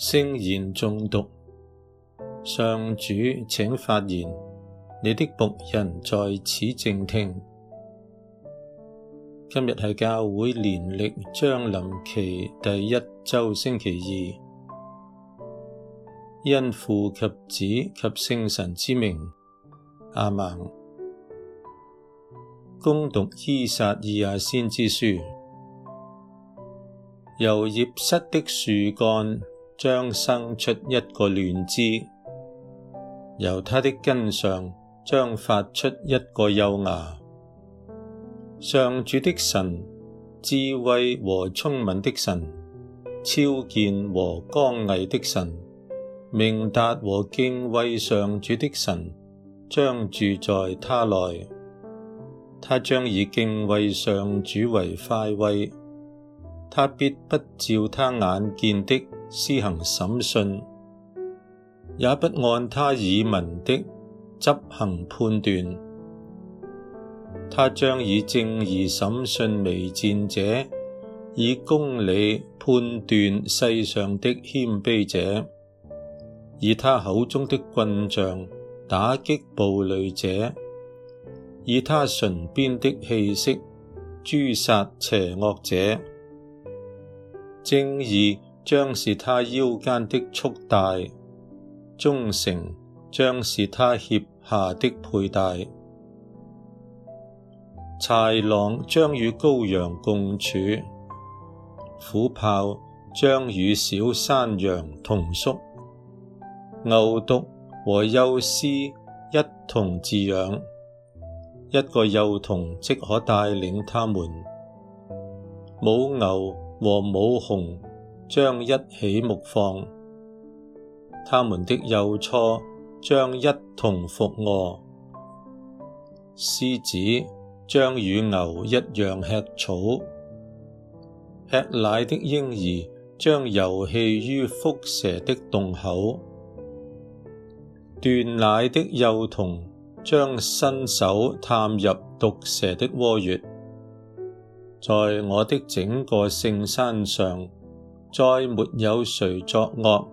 聖言中毒，上主，請發言，你的僕人在此靜聽。今日係教會年曆將臨期第一周星期二，因父及子及聖神之名，阿孟，攻讀伊撒亞先之書，由葉室的樹幹。將生出一個嫩枝，由它的根上將發出一個幼芽。上主的神，智慧和聰敏的神，超見和剛毅的神，明達和敬畏上主的神，將住在他內。他將以敬畏上主爲快慰。他必不照他眼見的。施行審訊，也不按他耳聞的執行判斷。他將以正義審訊微賤者，以公理判斷世上的謙卑者，以他口中的棍杖打擊暴戾者，以他唇邊的氣息誅殺邪惡者。正義。將是他腰間的束帶，忠誠將是他脅下的佩帶。豺狼將與羔羊共處，虎豹將與小山羊同宿，牛犢和幼獅一同飼養，一個幼童即可帶領他們。母牛和母熊。將一起牧放，他們的幼雛將一同伏臥，獅子將與牛一樣吃草，吃奶的嬰兒將遊戲於蝮蛇的洞口，斷奶的幼童將伸手探入毒蛇的窩穴，在我的整個聖山上。再沒有誰作惡，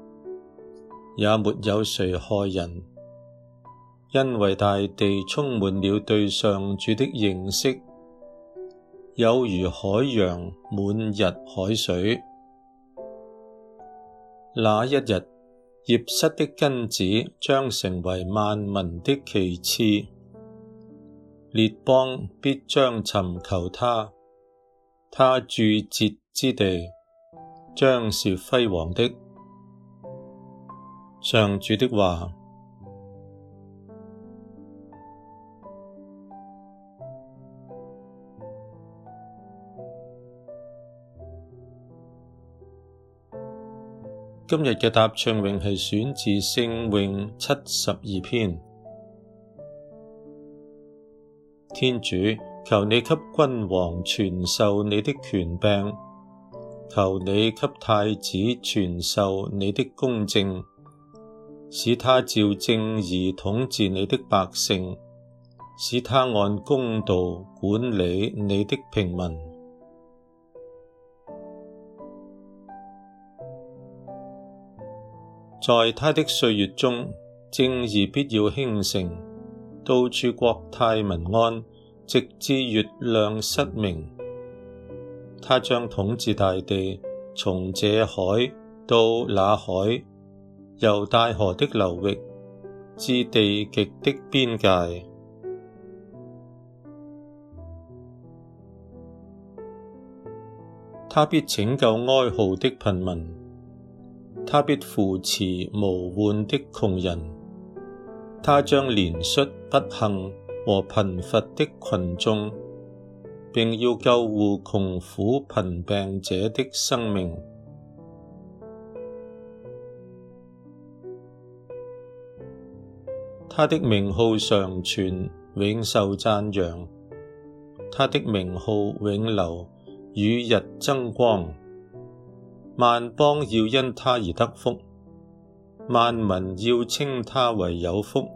也沒有誰害人，因為大地充滿了對上主的認識，有如海洋滿溢海水。那一日，葉瑟的根子將成為萬民的旗幟，列邦必將尋求他，他駐節之地。將是輝煌的。上主的話。今日嘅答唱詠係選自聖詠七十二篇。天主，求你給君王傳授你的權柄。求你給太子傳授你的公正，使他照正義統治你的百姓，使他按公道管理你的平民。在他的歲月中，正義必要興盛，到處國泰民安，直至月亮失明。他將統治大地，從這海到那海，由大河的流域至地極的邊界。他必拯救哀號的貧民，他必扶持無援的窮人。他將憐恤不幸和貧乏的群眾。並要救護窮苦貧病者的生命。他的名號常存，永受讚揚；他的名號永留，與日爭光。萬邦要因他而得福，萬民要稱他為有福。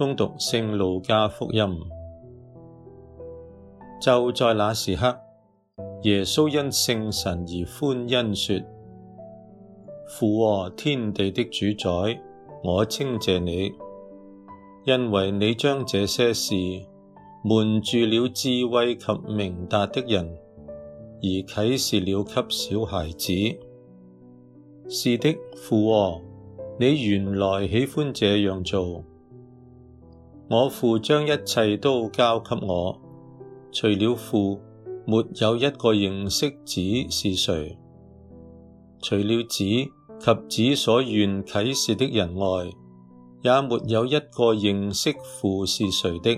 恭讀《聖路加福音》，就在那時刻，耶穌因聖神而歡欣，說：父啊，天地的主宰，我稱謝你，因為你將這些事瞞住了智慧及明達的人，而啓示了給小孩子。是的，父啊，你原來喜歡這樣做。我父將一切都交給我，除了父沒有一個認識子是誰；除了子及子所願啓示的人外，也沒有一個認識父是誰的。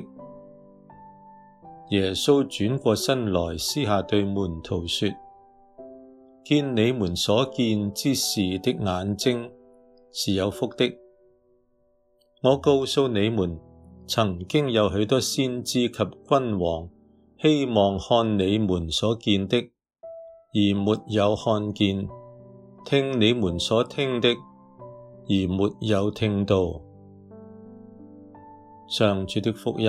耶穌轉過身來，私下對門徒說：「見你們所見之事的眼睛是有福的。我告訴你們。曾經有許多先知及君王，希望看你們所見的，而沒有看見；聽你們所聽的，而沒有聽到。上主的福音。